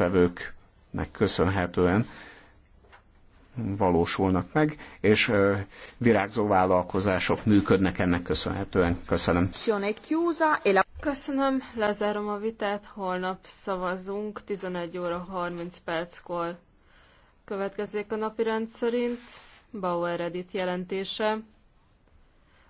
résztvevőknek köszönhetően valósulnak meg, és virágzó vállalkozások működnek ennek köszönhetően. Köszönöm. Köszönöm, lezárom a vitát, holnap szavazunk, 11 óra 30 perckor következik a napi rendszerint, szerint, Bauer Edith jelentése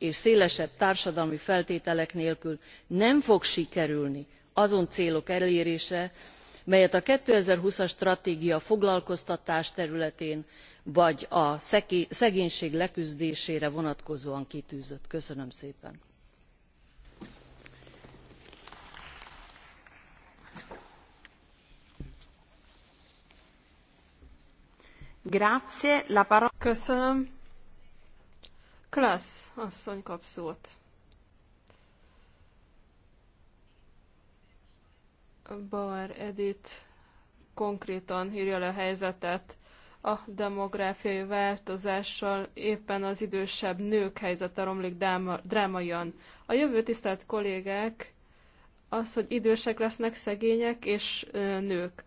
és szélesebb társadalmi feltételek nélkül nem fog sikerülni azon célok elérése melyet a two thousand and twenty as stratégia foglalkoztatás területén vagy a szegénység leküzdésére vonatkozóan kitűzött. köszönöm szépen! Klassz, asszony kap szót. Bar edit konkrétan írja le a helyzetet a demográfiai változással éppen az idősebb nők helyzete romlik dráma, drámaian. A jövő tisztelt kollégák az, hogy idősek lesznek szegények és nők.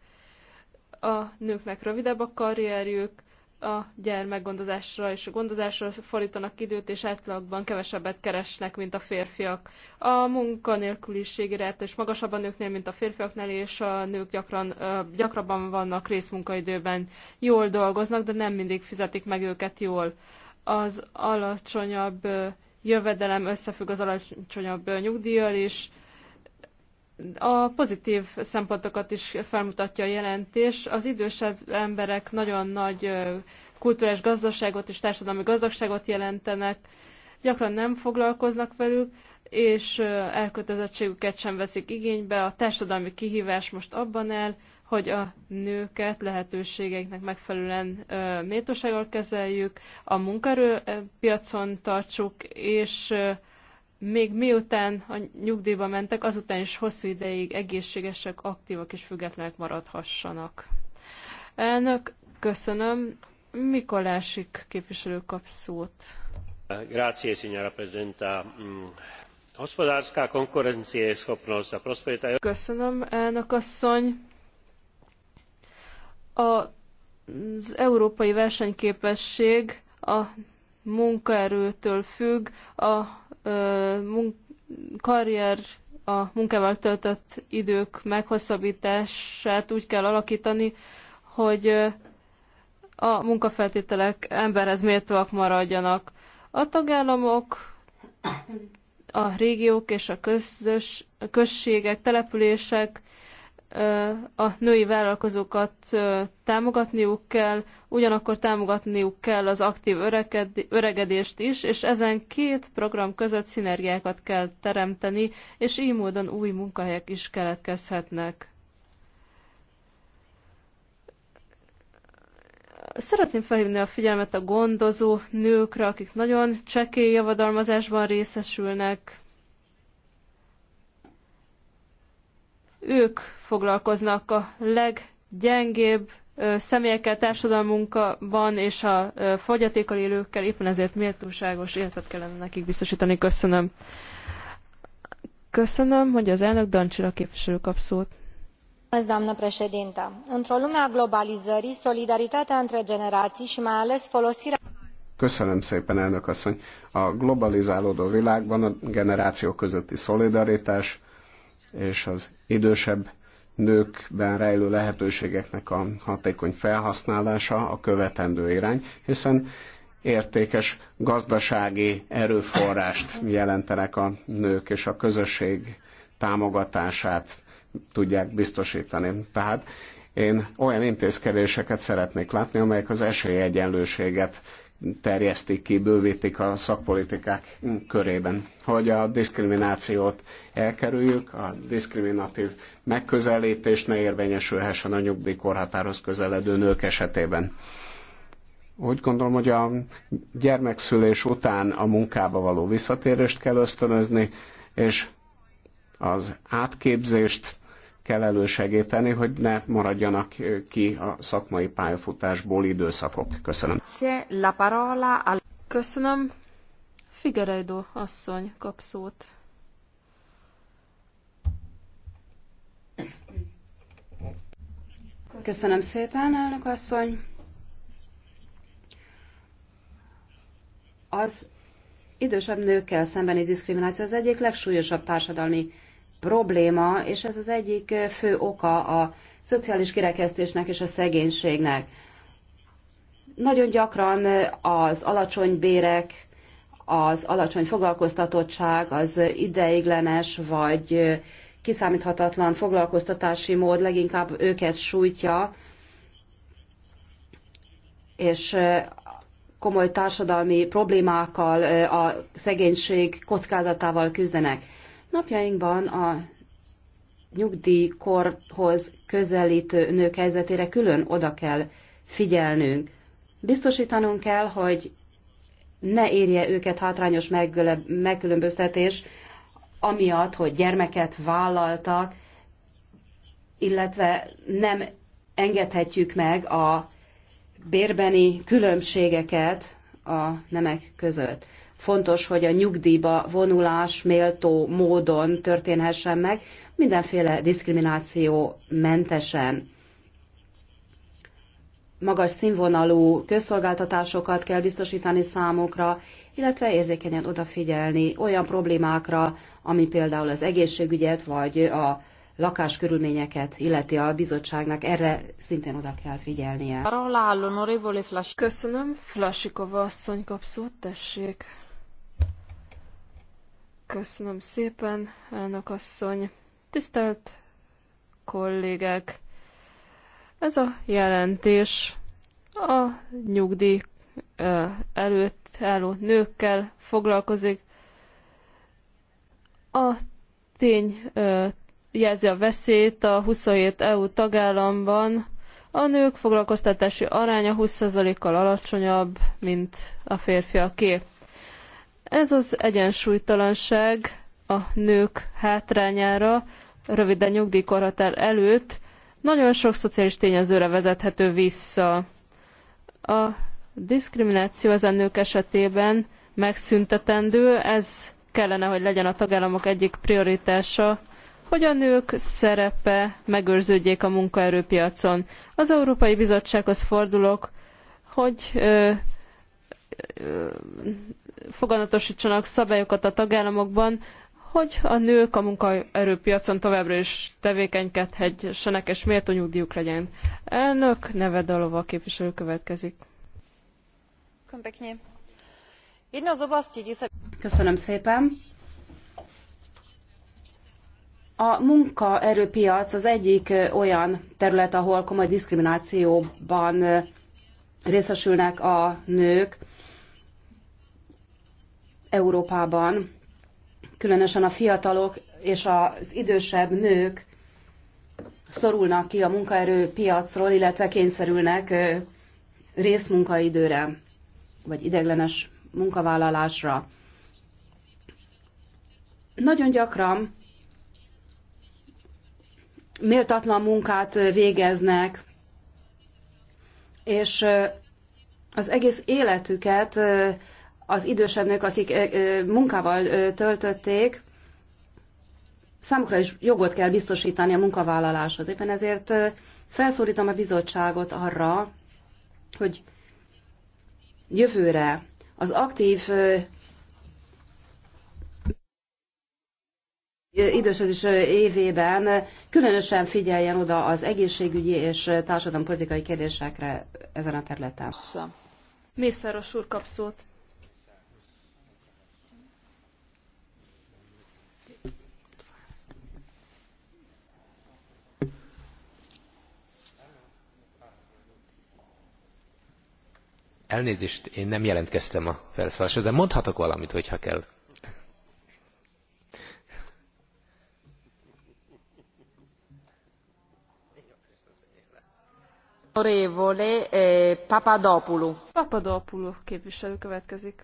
A nőknek rövidebb a karrierjük, a gyermekgondozásra és a gondozásra fordítanak időt, és átlagban kevesebbet keresnek, mint a férfiak. A munkanélküliségi ráta is magasabban nőknél, mint a férfiaknál, és a nők gyakran, gyakrabban vannak részmunkaidőben. Jól dolgoznak, de nem mindig fizetik meg őket jól. Az alacsonyabb jövedelem összefügg az alacsonyabb nyugdíjjal is, és a pozitív szempontokat is felmutatja a jelentés. Az idősebb emberek nagyon nagy kulturális gazdaságot és társadalmi gazdagságot jelentenek, gyakran nem foglalkoznak velük, és elkötelezettségüket sem veszik igénybe. A társadalmi kihívás most abban el, hogy a nőket lehetőségeknek megfelelően méltósággal kezeljük, a munkaerőpiacon tartsuk, és ö, még miután a nyugdíjba mentek, azután is hosszú ideig egészségesek, aktívak és függetlenek maradhassanak. Elnök, köszönöm. Mikolásik képviselő kap szót. Grazie, signora Presidenta. Mm, hospodárska konkurencieschopnosť a prosperita... Köszönöm, elnök asszony. A, az európai versenyképesség a munkaerőtől függ, a ö, mun- karrier, a munkával töltött idők meghosszabbítását úgy kell alakítani, hogy a munkafeltételek emberhez méltóak maradjanak. A tagállamok, a régiók és a közös, a községek, települések, a női vállalkozókat támogatniuk kell, ugyanakkor támogatniuk kell az aktív öregedést is, és ezen két program között szinergiákat kell teremteni, és így módon új munkahelyek is keletkezhetnek. Szeretném felhívni a figyelmet a gondozó nőkre, akik nagyon csekély javadalmazásban részesülnek, Ők foglalkoznak a leggyengébb személyekkel társadalmunkban és a fogyatékkal élőkkel, éppen ezért méltóságos életet kellene nekik biztosítani. Köszönöm. Köszönöm, hogy az elnök Dancsila képviselő kap szót într o lume a globalizării solidaritatea între generații și mai ales folosirea Köszönöm szépen, elnök asszony. A globalizálódó világban a generációk közötti szolidaritás és az idősebb nőkben rejlő lehetőségeknek a hatékony felhasználása a követendő irány, hiszen értékes gazdasági erőforrást jelentenek a nők, és a közösség támogatását tudják biztosítani. Tehát én olyan intézkedéseket szeretnék látni, amelyek az esélyegyenlőséget terjeszték ki, bővítik a szakpolitikák körében, hogy a diszkriminációt elkerüljük, a diszkriminatív megközelítés ne érvényesülhessen a nyugdíjkorhatárhoz közeledő nők esetében. Úgy gondolom, hogy a gyermekszülés után a munkába való visszatérést kell ösztönözni, és az átképzést kell elősegíteni, hogy ne maradjanak ki a szakmai pályafutásból időszakok. Köszönöm. Köszönöm. Figereidó asszony kap szót. Köszönöm szépen, elnök asszony. Az idősebb nőkkel szembeni diszkrimináció az egyik legsúlyosabb társadalmi probléma, és ez az egyik fő oka a szociális kirekesztésnek és a szegénységnek. Nagyon gyakran az alacsony bérek, az alacsony foglalkoztatottság, az ideiglenes vagy kiszámíthatatlan foglalkoztatási mód leginkább őket sújtja, és komoly társadalmi problémákkal, a szegénység kockázatával küzdenek. Napjainkban a nyugdíjkorhoz közelítő nők helyzetére külön oda kell figyelnünk. Biztosítanunk kell, hogy ne érje őket hátrányos megkülönböztetés, amiatt, hogy gyermeket vállaltak, illetve nem engedhetjük meg a bérbeni különbségeket a nemek között fontos, hogy a nyugdíjba vonulás méltó módon történhessen meg, mindenféle diszkrimináció mentesen. Magas színvonalú közszolgáltatásokat kell biztosítani számukra, illetve érzékenyen odafigyelni olyan problémákra, ami például az egészségügyet vagy a körülményeket illeti a bizottságnak. Erre szintén oda kell figyelnie. Köszönöm. Flasikova asszony kap szót, tessék. Köszönöm szépen, elnök asszony. Tisztelt kollégák! Ez a jelentés a nyugdíj előtt álló nőkkel foglalkozik. A tény jelzi a veszélyt a 27 EU tagállamban. A nők foglalkoztatási aránya 20%-kal alacsonyabb, mint a férfiaké. Ez az egyensúlytalanság a nők hátrányára, röviden nyugdíjkorhatár előtt, nagyon sok szociális tényezőre vezethető vissza. A diszkrimináció ezen nők esetében megszüntetendő, ez kellene, hogy legyen a tagállamok egyik prioritása, hogy a nők szerepe megőrződjék a munkaerőpiacon. Az Európai Bizottsághoz fordulok, hogy ö, ö, foganatosítsanak szabályokat a tagállamokban, hogy a nők a munkaerőpiacon továbbra is tevékenykedhessenek, és méltó nyugdíjuk legyen. Elnök Neve Dalova képviselő következik. Köszönöm szépen. A munkaerőpiac az egyik olyan terület, ahol komoly diszkriminációban részesülnek a nők, Európában, különösen a fiatalok és az idősebb nők szorulnak ki a munkaerőpiacról, illetve kényszerülnek részmunkaidőre, vagy ideglenes munkavállalásra. Nagyon gyakran méltatlan munkát végeznek, és az egész életüket az idősebb nők, akik munkával töltötték, számukra is jogot kell biztosítani a munkavállaláshoz. Éppen ezért felszólítom a bizottságot arra, hogy jövőre az aktív idősödés évében különösen figyeljen oda az egészségügyi és társadalmi politikai kérdésekre ezen a területen. Mészáros úr kap szót. Elnézést, én nem jelentkeztem a felszólásra, de mondhatok valamit, hogyha kell. Orévole eh, Papadopoulou. Papadopoulou képviselő következik.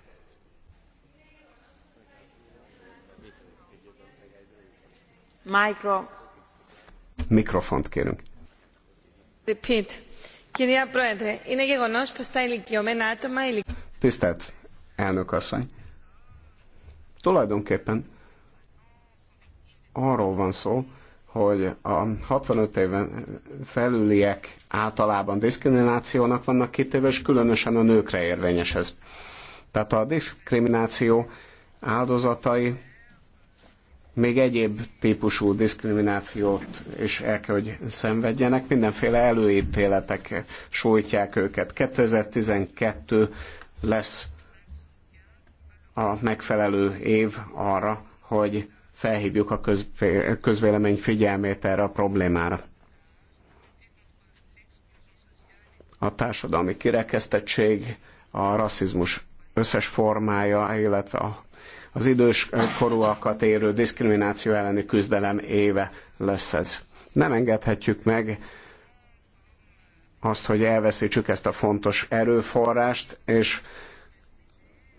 Mikro. Mikrofont kérünk. Repeat. Tisztelt elnök asszony! Tulajdonképpen arról van szó, hogy a 65 éven felüliek általában diszkriminációnak vannak kitéve, és különösen a nőkre érvényes ez. Tehát a diszkrimináció áldozatai még egyéb típusú diszkriminációt is el kell, hogy szenvedjenek. Mindenféle előítéletek sújtják őket. 2012 lesz a megfelelő év arra, hogy felhívjuk a közvélemény figyelmét erre a problémára. A társadalmi kirekesztettség, a rasszizmus összes formája, illetve a az idős eh, korúakat érő diszkrimináció elleni küzdelem éve lesz ez. Nem engedhetjük meg azt, hogy elveszítsük ezt a fontos erőforrást, és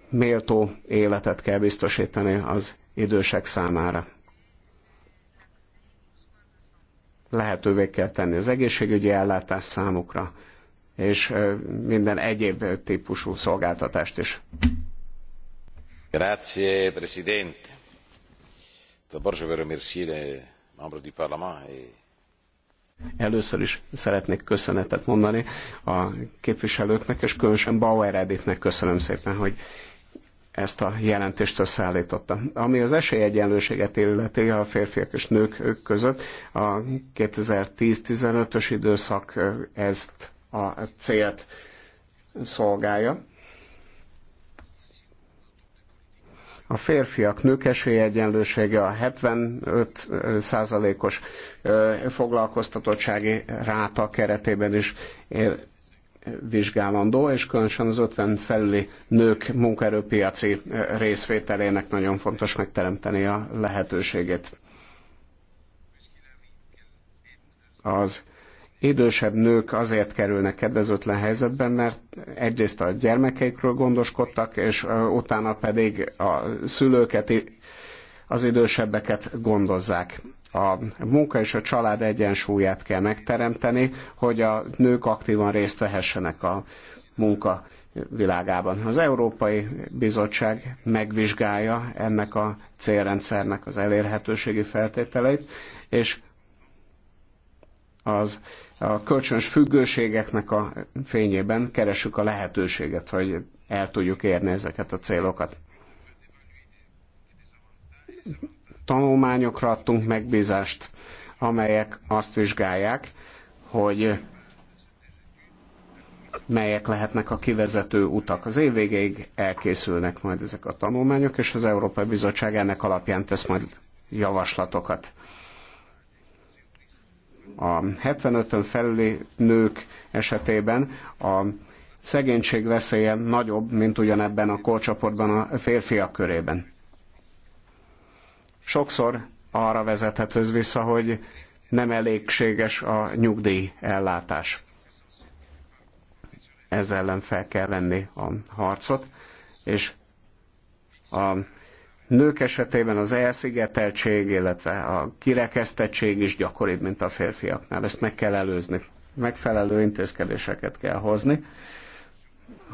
méltó életet kell biztosítani az idősek számára. Lehetővé kell tenni az egészségügyi ellátás számukra, és eh, minden egyéb típusú szolgáltatást is monsieur le président d'abord je veux remercier les membres du parlement et Először is szeretnék köszönetet mondani a képviselőknek, és különösen Bauer Editnek köszönöm szépen, hogy ezt a jelentést összeállította. Ami az esélyegyenlőséget illeti a férfiak és nők között, a 2010-15-ös időszak ezt a célt szolgálja. a férfiak nők esélyegyenlősége a 75 százalékos foglalkoztatottsági ráta keretében is ér vizsgálandó, és különösen az 50 felüli nők munkaerőpiaci részvételének nagyon fontos megteremteni a lehetőségét. Az Idősebb nők azért kerülnek kedvezőtlen helyzetben, mert egyrészt a gyermekeikről gondoskodtak, és utána pedig a szülőket, az idősebbeket gondozzák a munka és a család egyensúlyát kell megteremteni, hogy a nők aktívan részt vehessenek a munka világában. Az Európai Bizottság megvizsgálja ennek a célrendszernek az elérhetőségi feltételeit, és az a kölcsönös függőségeknek a fényében keresünk a lehetőséget, hogy el tudjuk érni ezeket a célokat. Tanulmányokra adtunk megbízást, amelyek azt vizsgálják, hogy melyek lehetnek a kivezető utak. Az év végéig elkészülnek majd ezek a tanulmányok, és az Európai Bizottság ennek alapján tesz majd javaslatokat. A 75-ön felüli nők esetében a szegénység veszélye nagyobb, mint ugyanebben a korcsoportban a férfiak körében. Sokszor arra vezethető vissza, hogy nem elégséges a nyugdíj ellátás. Ez ellen fel kell venni a harcot, és a nők esetében az elszigeteltség, illetve a kirekesztettség is gyakoribb, mint a férfiaknál. Ezt meg kell előzni. Megfelelő intézkedéseket kell hozni,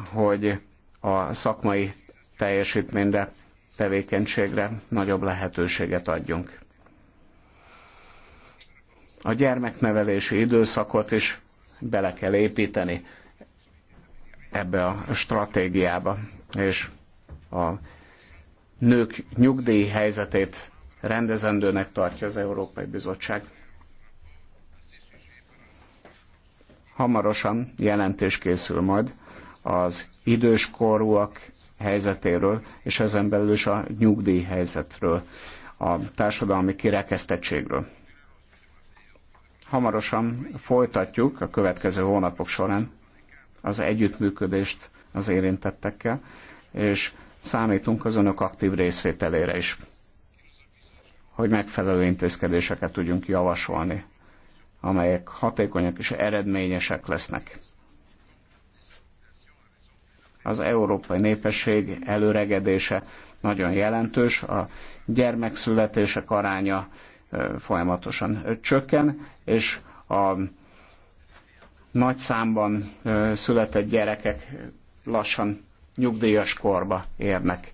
hogy a szakmai teljesítményre, tevékenységre nagyobb lehetőséget adjunk. A gyermeknevelési időszakot is bele kell építeni ebbe a stratégiába, és a nők nyugdíj helyzetét rendezendőnek tartja az Európai Bizottság. Hamarosan jelentés készül majd az időskorúak helyzetéről, és ezen belül is a nyugdíj helyzetről, a társadalmi kirekesztettségről. Hamarosan folytatjuk a következő hónapok során az együttműködést az érintettekkel, és Számítunk az önök aktív részvételére is, hogy megfelelő intézkedéseket tudjunk javasolni, amelyek hatékonyak és eredményesek lesznek az európai népesség előregedése nagyon jelentős, a gyermekszületések aránya folyamatosan csökken, és a nagy számban született gyerekek lassan nyugdíjas korba érnek,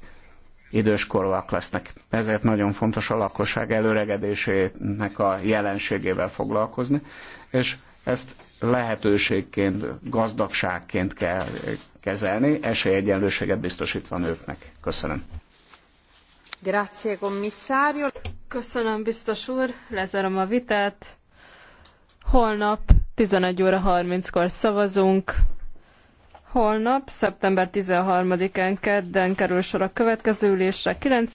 időskorúak lesznek. Ezért nagyon fontos a lakosság előregedésének a jelenségével foglalkozni, és ezt lehetőségként, gazdagságként kell kezelni, esélyegyenlőséget biztosítva nőknek. Köszönöm. Grazie, commissario. Köszönöm, biztos úr. Lezárom a vitát. Holnap 11 óra 30-kor szavazunk. Holnap, szeptember 13-án kedden kerül sor a következő ülésre 9